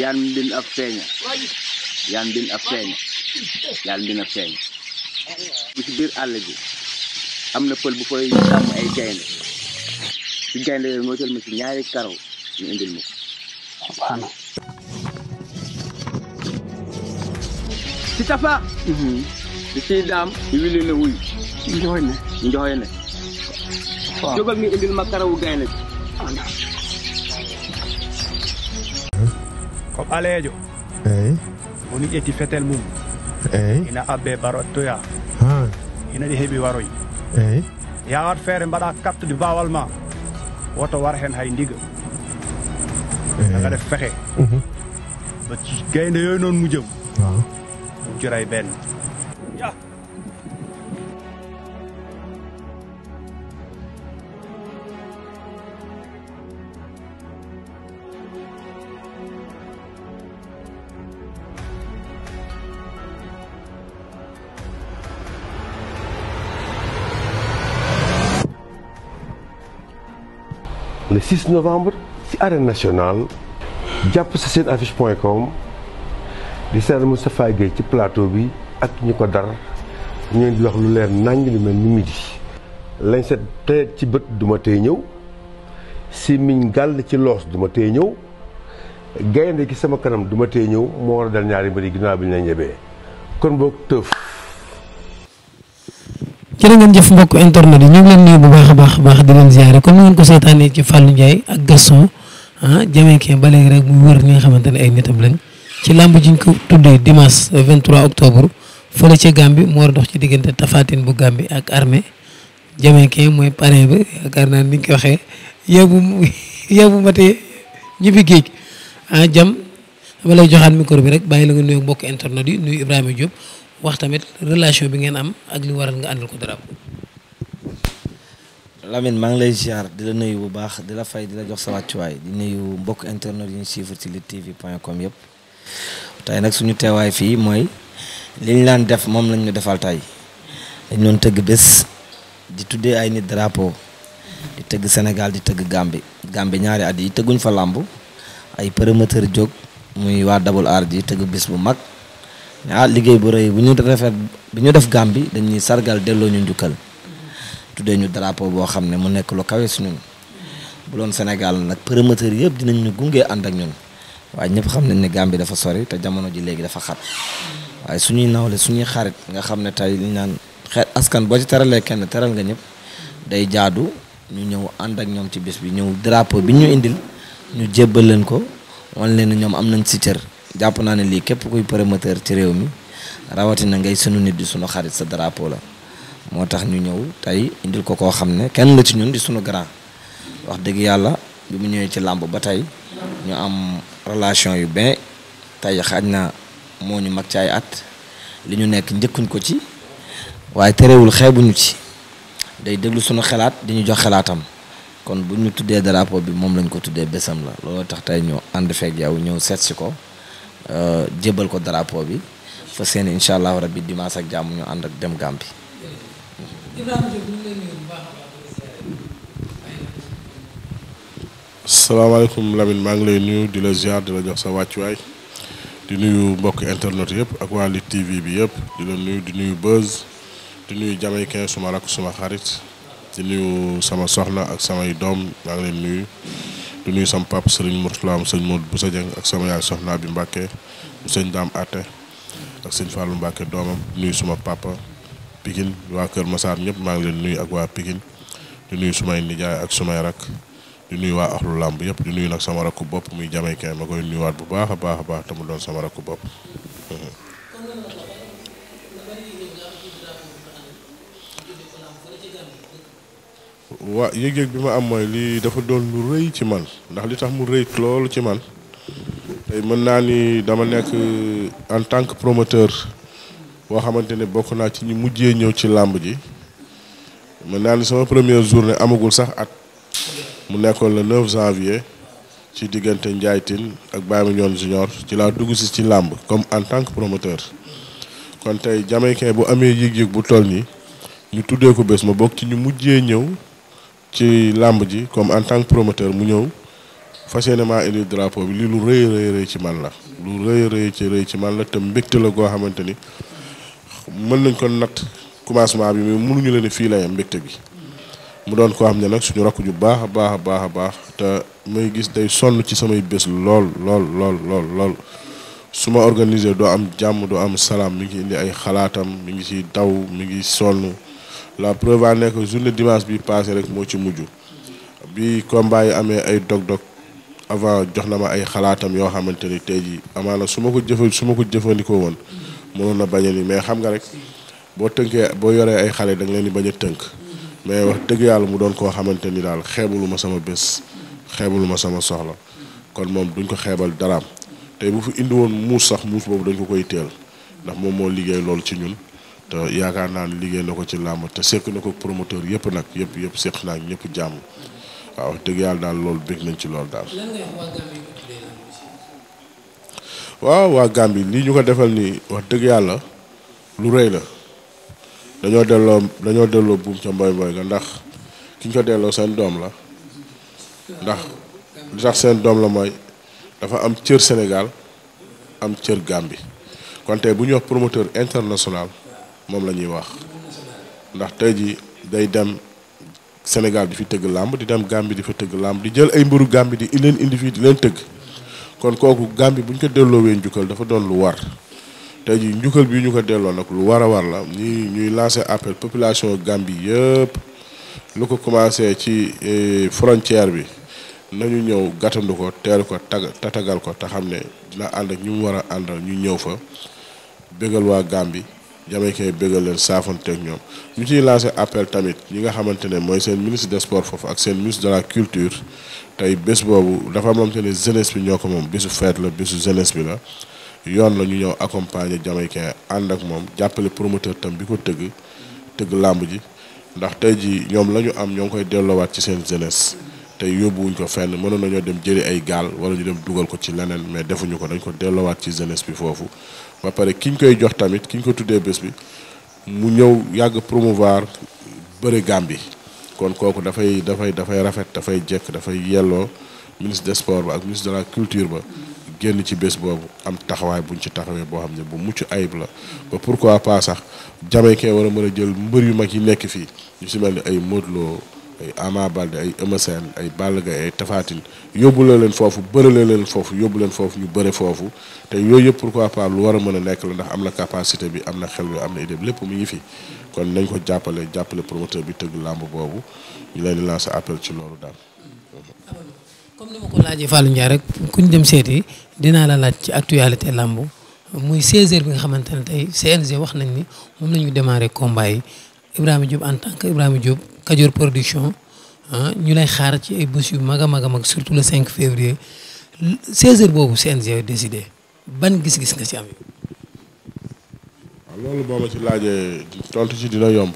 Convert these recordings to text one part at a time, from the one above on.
yan din ak feeña yan din ak feeña yan din ak feeña bi ci biir àll bi am na pël bu fay sàmm ay gaynde ci gaynde yooyu moo jël ma ci ñaari karaw ñu indil ma ko ci tafa di mhm. ciy wuy njoxoy ne njoxoy ne jógal indil ma karawu gaynde bi ah, aleejo woni ƴetti fetel mum eyi ina abbe barottoya ina ɗi heeɓi waroy eyi yawat feere mbaɗa kattude bawal ma woto war hen hay ndiga aga def fexe mhm. ba gaynde yooyu noon mujjam mujjora e benn le 6 novembre ci arène nationale jàpp sa seen affiche point com di seetlu Moustapha Gueye ci plateau bi ak ñu ko dar ñu di wax lu leer naññ lu mel ni lañ set tey ci bët duma tey ñëw si miñ gàll ci loos duma tey ñëw gaynde gi sama kanam duma tey ñëw moo war dal ñaari mbir yi bi na la ñebee kon boog tëf. jërë ngeen jëf mbokk internet yi ñu ngi leen nuyu bu baax a baax a baax di leen ziare comme ni ngeen ko seetaanee ci Fallou Ndiaye ak Gaston ah Jamaïcain ba léegi rek mu wër ñi nga xamante ne ay nitam lañ ci làmb ji ñu ko tuddee dimanche 23 octobre fële ca Gambie mu war dox ci diggante Tafatine bu Gambie ak armée Jamaïcain mooy parrain bi yaakaar naa ni ñu waxee yóbbu yóbbu matee ñibbi géej ah jam dama lay joxaat micro bi rek bàyyi la nga nuyu mbokk internet Ibrahima Diop. wax tamit relation bi ngeen am ak li waral nga àndal ko dara. Lamine maa ngi lay ziar di la nuyu bu baax di la fay di la jox sa wàccuwaay di nuyu mbokk internet yi ñu suivre ci luttetv.com yëpp tey nag suñu teewaay fii mooy li ñu daan def moom lañ ñu defal tey dañ doon tëgg bés di tuddee ay nit drapo di tëgg Sénégal di tëgg Gambie Gambie ñaari at yi tëgguñ fa làmb ay promoteur jóg muy waa Double R ji tëgg bés bu mag. ah liggéey bu rëy bu ñu rafet bi ñu def Gàmbi dañuy sargal delloo ñu njukkal. tuddee ñu drapeau boo xam ne mu nekk lu kawee si ñun. bu loon Sénégal nag promoteur yëpp dinañ ñu gunge ànd ak ñun waaye ñëpp xam nañ ne Gàmbi dafa sori te jamono ji léegi dafa xat waaye suñuy nawle suñuy xarit nga xam ne tey liñ naan askan boo ci teralee kenn teral nga ñëpp day jaadu ñu ñëw ànd ak ñoom ci bés bi ñëw drapeau bi ñu indil ñu jébbal leen ko wan leen ne ñoom am nañ si cër. jàpp naa ne lii képp kuy promoteur ci réew mi rawatina ngay sunu nit di sunu xarit sa drapeau la moo tax ñu ñëw tey indil ko koo xam ne kenn la ci ñun di sunu grand wax dëgg yàlla bi mu ñëwee ci làmb ba tey ñu am relation yu benn tey xaj na moo ñu mag ci ay at li ñu nekk njëkkuñ ko ci waaye terewul xeebuñu ci day déglu sunu xalaat di ñu jox xalaatam kon bu ñu tuddee drapeau bi moom lañ ko tuddee bésam la looloo tax tey ñu ànd feeg yow ñëw seet si ko Euh, jébbal ko drapeau bi fa seen incha allah rabbi dimanche ak jàmm ñu ànd ak dem Gàmbi. salaamaaleykum Lamine maa ngi lay nuyu di la ziar di la jox sa wàccuwaay di nuyu mbokk internet yëpp ak waa TV bi yëpp di la nuyu di nuyu Buzz di nuyu Jamaïcain suma rakk suma xarit di nuyu sama soxna ak samay doom maa ngi leen nuyu. di nuyu sama papa Serigne Mourtala am sëñ Modou Boussa Dieng ak sama yaay soxna bi Mbacke mu sëñ Dame Atte ak sëñ Fallou Mbacke doomam nuyu suma papa Pikine waa Kër Massar ñëpp maa ngi leen nuyu ak waa Pikine di nuyu sumay nijaay ak sumay rak di nuy waa axlu làmb yëpp di nuy nag sama rakku bopp muy jamaykee ma koy nuyuwaat bu baax a baax a baax te mu doon sama rakku bopp waa yëg-yëg bi ma am mooy lii dafa doon lu rëy ci man ndax li tax mu rëy loolu ci man tey mën naa ni dama nekk euh, en tant que promoteur boo xamante ne bokk naa ci ñu mujjee ñëw ci làmb ji mën naa ni sama première journée amagul sax at mu nekkoon le 9 janvier ci diggante Ndiaye Tine ak Baye Mandione Junior ci laa dugg si ci làmb comme en tant que promoteur kon tey Jamaïcain bu amee yëg-yëg bu toll nii ñu tuddee ko bés ma bokk ci ñu mujjee ñëw ci làmb ji comme en tant que promoteur mu ñëw fas yéene maa indi drapeau bi lii lu rëy rëy rëy ci man la lu rëy rëy ci rëy ci man la te mbégte la goo xamante ni mën nañ ko natt commencement bi mais mënuñu fii lay am mbégte bi mu doon koo xam ne nag suñu rakk ju baax a baax a baax a baax te may gis day sonn ci samay bés lool lool lool lool lool su ma organiser doo am jàmm doo am salaam mi ngi indi ay xalaatam mi ngi ci daw mi ngi sonn la preuve à nekk journée dimanche bi passé rek moo ci mujj bi combat yi amee ay dog-dog avant jox na ma ay xalaatam yoo xamante ni tey jii amaana su ma ko jëfa su ma ko jëfandikoo woon mënoon na bañ nii mais xam nga rek boo tënkee boo yoree ay xale da leen di bañ a tënk mais wax dëgg yàlla mu doon koo xamante ni daal xeebulu ma sama bés xeebulu sama soxla kon moom duñ ko xeebal daraam tey bu fi indi woon muus sax muus boobu dañ ko koy teel ndax moom moo liggéey loolu ci ñun te yaakaar naa ne liggéey na ko ci làmb te sekk na ko promoteur yëpp nag yëpp yëpp sekk naa ñëpp jàmm waaw dëgg yàlla loolu bég nañ ci loolu daal. waaw waa Gambie lii ñu ko defal nii wax dëgg yàlla lu rëy la dañoo delloo dañoo delloo buum ca mboy mboy ga ndax ki ñu ko delloo seen doom la ndax li tax seen doom la mooy dafa am cër Sénégal am cër Gambie kon tey bu ñuy wax promoteur international. moom la ñuy wax ndax tey ji day dem Sénégal di fi tëgg làmb di dem Gambie di fa tëgg làmb di jël ay mburu Gambie di leen indi fii di leen tëgg kon kooku Gambie bu ñu ko delloowee njukkal dafa doon lu war tey ji njukkal bi ñu ko delloo nag lu war a war la ñuy ñuy lancer appel population Gambie yëpp lu ko commencé ci eh, frontière bi nañu ñëw gàttandu ko teel ko tag tatagal ko te xam ne dina ànd ak ñu mu war a àndal ñu ñëw fa bégal waa Gambie jamaïcain yi bëggal leen saafonteeg ñoom ñu ci lancé appel tamit ñi nga xamante ne mooy seen ministre de sports foofu ak seen ministre de la culture tey bés boobu dafa moom te ne jeunesse bi ñoo ko moom bésu fête la bésu jeunesse bi la yoon la ñu ñëw accompagner jamaïcain ànd ak moom jàppale promoteur tam bi ko tëgg tëgg làmb ji ndax tey ji ñoom la ñu am ñoo ngi koy delloowaat ci seen jeunesse tey yóbbuwuñ ko fenn mënoon nañoo dem jëli ay gaal wala ñu dem dugal ko ci leneen mais defuñu ko dañ ko delloowaat ci jeunesse bi foofu ba pare ki ñu koy jox tamit ki ñu ko tuddee bés bi mu ñëw yàgg promouvoir bëre Gàmbi kon kooku dafay dafay dafay rafet dafay jekk dafay yelloo ministre des sports ba ak ministre de la culture ba génn ci bés boobu am taxawaay buñ ci taxawee boo xam ne bu mucc ayib la ba pourquoi pas sax jamaïcain war a mën a jël mbër yu mag yi nekk fii ñu si mel ni ay Modou ay Ama Baldé ay Eumeu Sène ay Balla Gaye ay Tapha yóbbu la leen foofu bërale leen foofu yóbbu leen foofu ñu bëre foofu te yooyu yëpp pourquoi pas lu war mën a nekk la ndax am na capacité bi am na xel bi am na idée bi lépp mu ngi fi kon nañ ko jàppale jàppale promoteur bi tëgg làmb boobu ñu leen di lancer appel ci loolu daal. comme ni ma ko laajee Fallou rek ku ñu dem seeti dinaa la laaj ci actualité làmb muy 16h bi nga xamante ne tey CNG wax nañ ni moom la ñu démarré combat Ibrahima Diop en tant que Ibrahima Diop Kajoor production ah ñu lay xaar ci ay bés yu mag a mag a mag surtout le 5 février 16h boobu CNG décidé ban gis-gis nga ci am. Ah, loolu boo ma ci laajee tontu ci dina yomb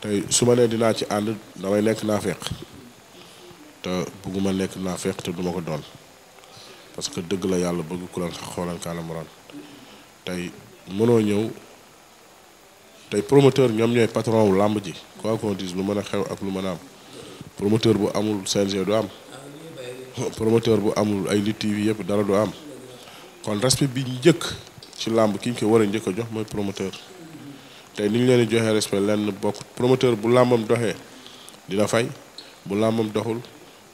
tey su ma nee dinaa ci ànd damay nekk naa fekk te bugguma nekk naa fekk te duma ko doon parce que dëgg la yàlla bëgg ku leen xoolan kaana tey mënoo ñëw. tey promoteur ñoom ñooy patron wu làmb ji quoi qu'on dise lu mën a xew ak lu mën a am promoteur bu amul CNG du am promoteur bu amul ay Lutte TV yëpp dara du am kon respect bi njëkk ci làmb kiñ ñu ko war a njëkk a jox mooy promoteur tey ni ñu leen di joxee respect lenn bokk promoteur bu làmbam doxee dina fay bu làmbam doxul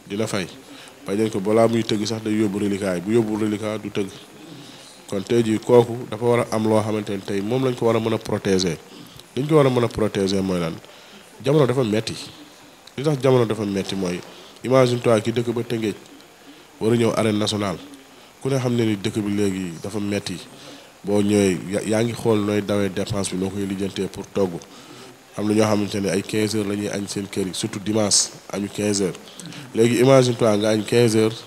dina fay fay nañ ko balaa muy tëgg sax day yóbbu reliquat yi bu yóbbu reliquat du tëgg kon tey jii kooku dafa war a am loo xamante ne tey moom lañ ko war a mën a protéger. li ñu war a mën a protéger mooy lan jamono dafa metti li tax jamono dafa metti mooy imagine toi ki dëkk ba Tëngéej war a ñëw arène nationale ku ne xam ne ni dëkk bi léegi dafa metti boo ñëwee yaa ngi xool nooy dawee dépense bi noo koy lijjantee pour togg am na ñoo xamante ne ay quinze heures la ñuy añ seen kër yi surtout dimanche añu 15 heures léegi imagine toi nga añ 15 heures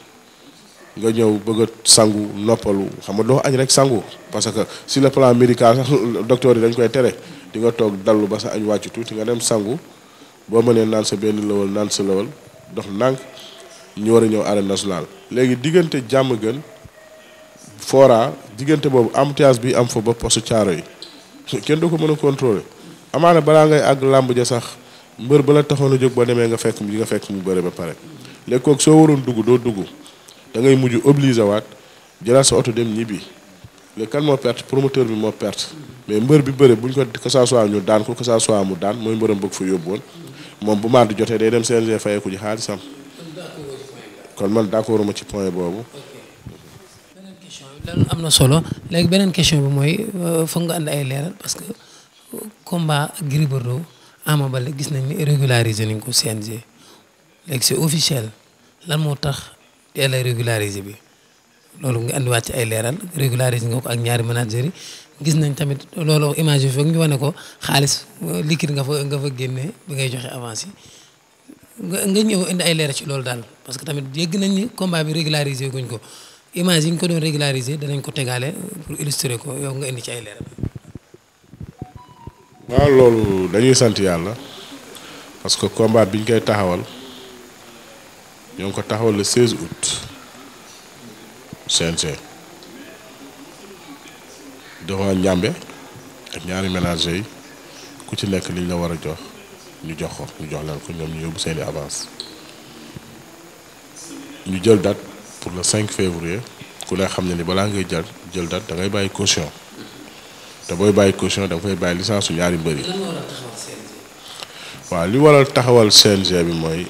nga ñëw bëgg sangu noppalu xam nga doo añ rek sangu parce que sur le plan médical docteur yi dañ koy tere. di nga toog dallu ba sax añ wàcc tuuti nga dem sangu boo mënee naan sa benn lawal naan sa lawal dox ndànk ñu war a ñëw arène nationale. léegi diggante jàmm gën fora diggante boobu embouteillage bi am fa ba poste caaro yi kenn du ko mën a contrôler amaana balaa ngay àgg làmb ja sax mbër bala taxoon a jóg boo demee nga fekk nga fekk mu bëre ba pare lekkook soo waroon dugg doo dugg da ngay mujj obligé waat jëlaat sa oto dem ñibbi. léegi kan moo perte promoteur bi moo perte mais mbër bi bëre buñ ko que ça ñu daan ko que ça mu daan mooy mbëram bëgg fa yóbbu woon moom bu maa di jotee day dem CNG fayeeku ji xaalisam kon man d'accord ma ci point boobu. beneen question am na solo léegi beneen question bi mooy euh, foog nga ànd ay leeral parce que combat Gris Bordeaux Ama Baldé gis nañ ni régularisé nañ ko CNG léegi c'est officiel lan moo tax la régularisé bi. loolu nga andiwaat ci ay leeral régulariser nga ko ak ñaari manager gis nañ tamit loolu image yi foog ñu wane ko xaalis liquide nga fa nga fa génnee bi ngay joxe avance nga nga ñëw indi ay leeral ci loolu daal parce que tamit yëgg nañ ni combat bi régulariser ko image yi ñu ko doon régulariser danañ ko tegaale pour illustrer ko yow nga indi ci ay leeral. waaw loolu dañuy sant yàlla parce que combat bi ñu koy taxawal ñoo ngi ko taxawal le 16 CNG jox naa njàmbe ak ñaari ménager yi ku ci nekk liñ la war a jox ñu jox ko ñu jox leen ko ñoom ñu yóbbu seeni avance ñu jël date pour le 5 février ku ne xam ne ni balaa ngay jël jël date da ngay bàyyi caution te booy bàyyi cotion da nga bàyyi licence su ñaari mbër yi waaw li waral taxawal CNG bi mooy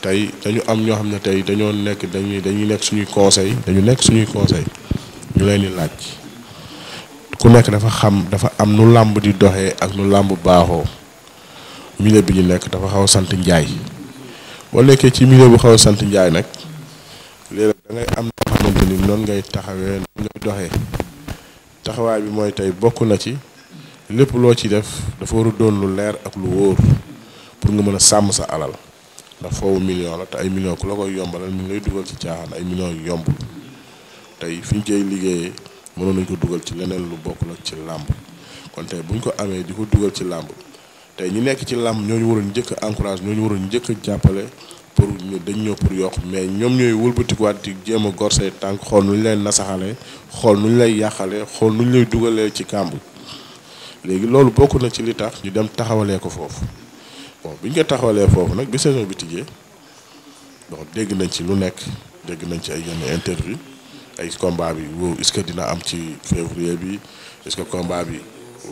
tey dañu am ñoo xam ne tey dañoo nekk dañuy dañuy nekk suñuy conseil dañu nekk suñuy conseil ñu leen di laaj ku nekk dafa xam dafa am nu làmb di doxee ak nu làmb baaxoo milieu bi ñu nekk dafa xaw a sant njaay boo nekkee ci milieu bu xaw a sant njaay nag léeg da ngay am noo xamante ni noonu ngay taxawee noonu ngay doxee taxawaay bi mooy tey bokk na ci lépp loo ci def dafa war a doon lu leer ak lu wóor pour nga mën a sàmm sa alal ndax foofu million la te ay million ku la koy yombalal mi ngi lay dugal ci caaxaan ay millions yu yombul tey fi ñu koy liggéeyee mënoon nañ ko dugal ci leneen lu bokkul ak ci làmb kon tey ko amee di ko dugal ci làmb tey ñi nekk ci làmb ñooñu waroon njëkk a ñooñu waroon njëkk jàppale pour dañ ñëw pour yokk mais ñoom ñooy wëlbatikuwaat di jéem a gor say xool nu ñu lay xool nu lay yàqalee xool nu lay dugalee ci kàmb léegi loolu bokk na ci li ñu dem taxawalee ko foofu. bon bi ñu ko taxawalee foofu nag bi saison bi tijjee bon dégg nañ ci lu nekk dégg nañ ci ay yenn interview ay combat bi wow est-ce que dina am ci février bi est-ce que bi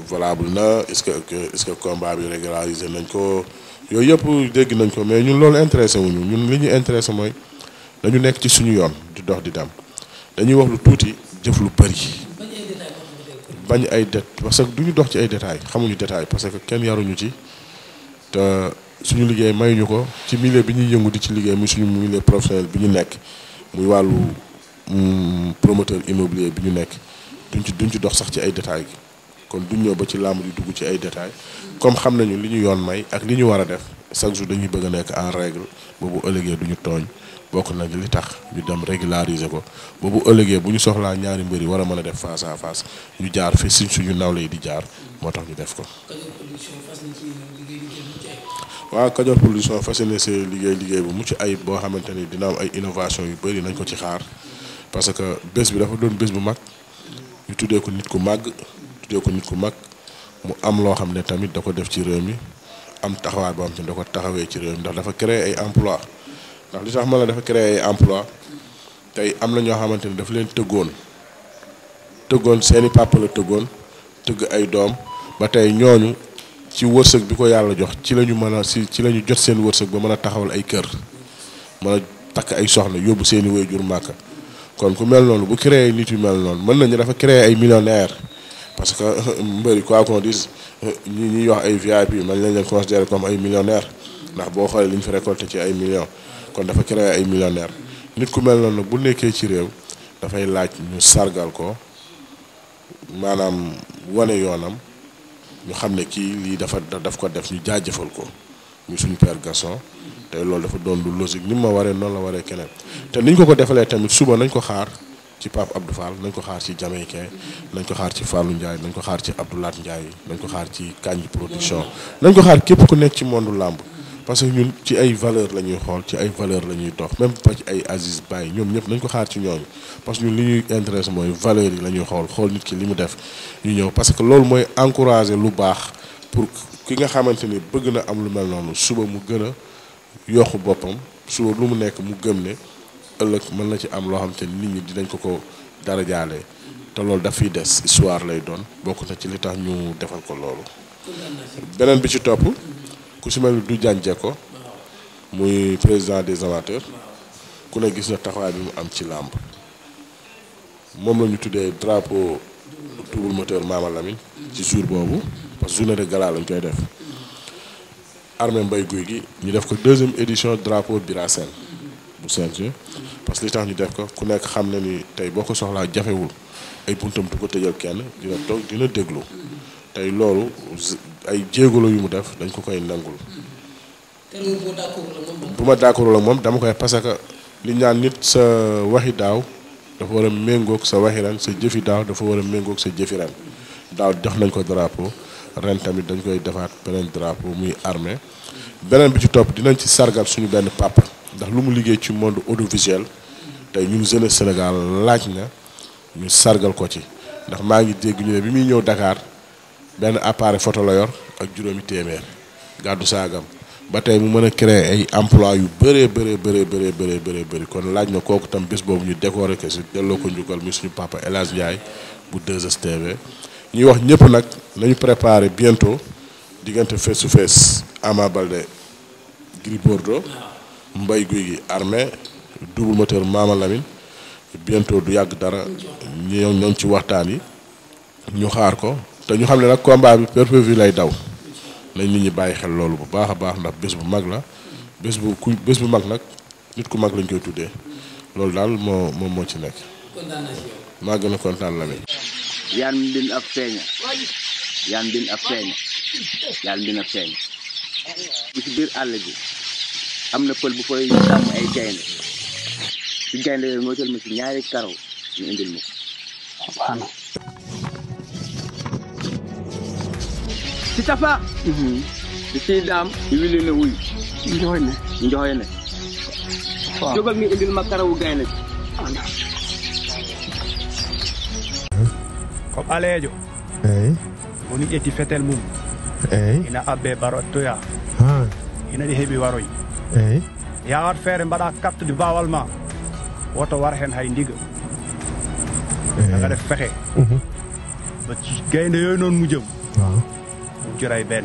valable na est-ce que est-ce que combat bi régularisé nañ ko yooyu yëpp dégg nañ ko mais ñun loolu intéressé ñu ñun li ñu intéressé mooy dañu nekk ci suñu yoon di dox di dem dañuy wax lu tuuti jëf lu bëri. bañ ay det parce que duñu dox ci ay détails xamuñu détails parce que kenn yaruñu ci. te suñu liggéey mayuñu ko ci milieu bi ñuy yëngu di ci liggéey muy suñu milieu professionnel bi ñu nekk muy wàllu mm, promoteur immobilier bi ñu nekk duñ ci duñ dox sax ci ay détails gi kon duñ ñëw ba ci làmb di dugg ci ay détails comme xam nañu li ñu yoon may ak li ñu war a def chaque jour dañuy bëgg a nekk en règle boobu ëllëgee duñu tooñ bokk nag li tax ñu dem régulariser ko boobu bu ëllëgee bu ñu soxlaa ñaari mbër yi war mën a def face à face ñu jaar fi si suñu nawle yi di jaar moo tax ñu def ko. waaw Kajoor Production fas yéene see liggéey liggéey bu mucc ay boo xamante ni dina am ay innovation yu bëri nañ ko ci xaar parce que bés bi dafa doon bés bu mag ñu tuddee ko nit ku màgg tuddee ko ku mag mu am loo xam ne tamit da ko def ci réew mi am taxawaay boo xam ne ko taxawee ci réew mi ndax dafa créer ay emploi ndax li tax ma la dafa créer emploi tey am na ñoo xamante ni dafa leen tëggoon tëggoon seeni papa la tëggoon tëgg ay doom ba tey ñooñu ci wërsëg bi ko yàlla jox ci la ñu mën a si ci la ñu jot seen wërsëg ba mën a taxawal ay kër mën a takk ay soxna yóbbu seeni waajur màkka kon ku mel noonu bu créer nit yu mel noonu mën nañu dafa créer ay millionnaires parce que mbëri quoi qu'on dise ñi ñuy wax ay VIP man lañ leen considéré comme ay millionnaires ndax boo xoolee li ñu fi récolté ci ay millions kon dafa créé ay millionnaire nit ku mel noonu bu nekkee ci réew dafay laaj ñu sargal ko maanaam wane yoonam ñu xam ne kii lii dafa daf ko def ñu jaajëfal ko ñu suñu père Gaston te loolu dafa doon lu logique ni mu ma waree noonu la waree keneen te niñ ko ko defalee tamit suba nañ ko xaar ci Pape Abdou Fall nañ ko xaar ci Jamaïcain nañ ko xaar ci Fallou Ndiaye nañ ko xaar ci Abdoulaat Ndiaye nañ ko xaar ci Kanji production nañ ko xaar képp ku nekk ci monde làmb parce que ñun ci ay valeur la ñuy xool ci ay valeur la ñuy dox même pas ci ay Aziz Baye ñoom ñëpp nañ ko xaar ci ñoom parce que ñun li ñuy intéresse mooy valeur yi la ñuy xool xool nit ki li mu def ñu ñëw parce que loolu mooy encourager lu baax pour ki nga xamante ni bëgg na am lu mel noonu suba mu gën a yokk boppam suba lu mu nekk mu gëm ne ëllëg mën na ci am loo xamante ni nit ñi dinañ ko ko dara jaalee te loolu daf fiy des histoire lay doon bokk na ci li tax ñu defal ko loolu bi ci topp ku si mel du jànjee ko muy président des amateurs ku ne gis na taxawaay bi mu am ci làmb moom la ñu tuddee drapeau double moteur Mama Lamine ci jour boobu parce que journée de gala lañ koy def armée mbay guy gi ñu def ko deuxième édition drapeau Birasène bu CNG parce que li tax ñu def ko ku nekk xam na ni tey boo ko soxlaa jafewul ay buntam du ko tëjal kenn dina toog dina déglu tey loolu ay jéego la yu mu def dañ ko koy nangul. bu ma d'accord la moom dama koy parce que li ñaan nit sa waxi daaw dafa war a sa waxi ren sa jëfi daaw dafa war méngook méngoog sa jëfi ren daaw jox nañ ko drapeau ren tamit dañ koy defaat beneen drapeau muy armée beneen bi ci topp dinañ ci sargal suñu benn papa ndax lu mu liggéey ci monde audiovisuel tey ñun jeunesse Sénégal laaj na ñu sargal ko ci ndax maa ngi dégg ñu ne bi muy ñëw dakaar benn appareil photo la yor ak juróomi téeméer gàddu saagam ba tey mu mën a créer ay emploi yu bëree bëree bëree bëree bëree kon laaj na kooku tam bés boobu ñu décorer ko si delloo ko njukkal mi suñu papa El Hadj Ndiaye bu 2STV ñuy wax ñëpp nag nañu préparer bientôt diggante face to face Ama Baldé Gris Bordeaux Mbaye Guy gi Armé double moteur Mama Lamine du yàgg dara ñoo ñoom ci waxtaan yi ñu xaar ko te ñu xam ne nag combat bi pay-per-view lay daw nañ nit ñi bàyyi xel loolu bu baax a baax ndax bés bu mag la bés bu ku bés bu mag nag nit ku mag lañ koy tuddee loolu daal moo moom moo ci nekk. maa gën a kontaan la bi. yaan mbin ab feeña yaan mbin ab feeña yaan mbin ci biir àll bi am na pël bu koy sàmm ay gaynde ci gaynde yooyu moo jël ma ci ñaari karaw ñu indil ma si tafa mhm. si sii daam i wili ne wuyu njoxoy ne njoxoy ne jógal nga indil ma ko ɓaleejo eyi woni ƴetti fetel mum eyi ina abbe barottoya ina ɗi heɓi waroy eyi yawat feere mbaɗa kattude bawal ma woto war hen hay ndiga aga def fexe mhm. ba gaynde yoy noon mujjam Curay benn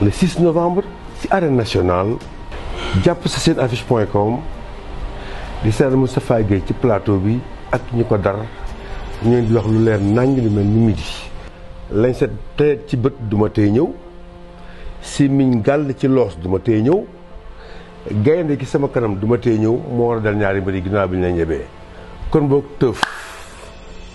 le 6 novembre ci arène nationale jàpp sa seen affiche com di seer Moustapha Guèye ci plateau bi ak ñi ko dar ñu di wax lu leer nañ lu mel ni midi. lañ set te ci bët duma tey ñëw si miñ gàll ci loos duma tey ñëw gaynde gi sama kanam duma tey ñëw moo war a dal ñaari mbir yi ginnaaw bi ñu la ñebee kon boog tëf.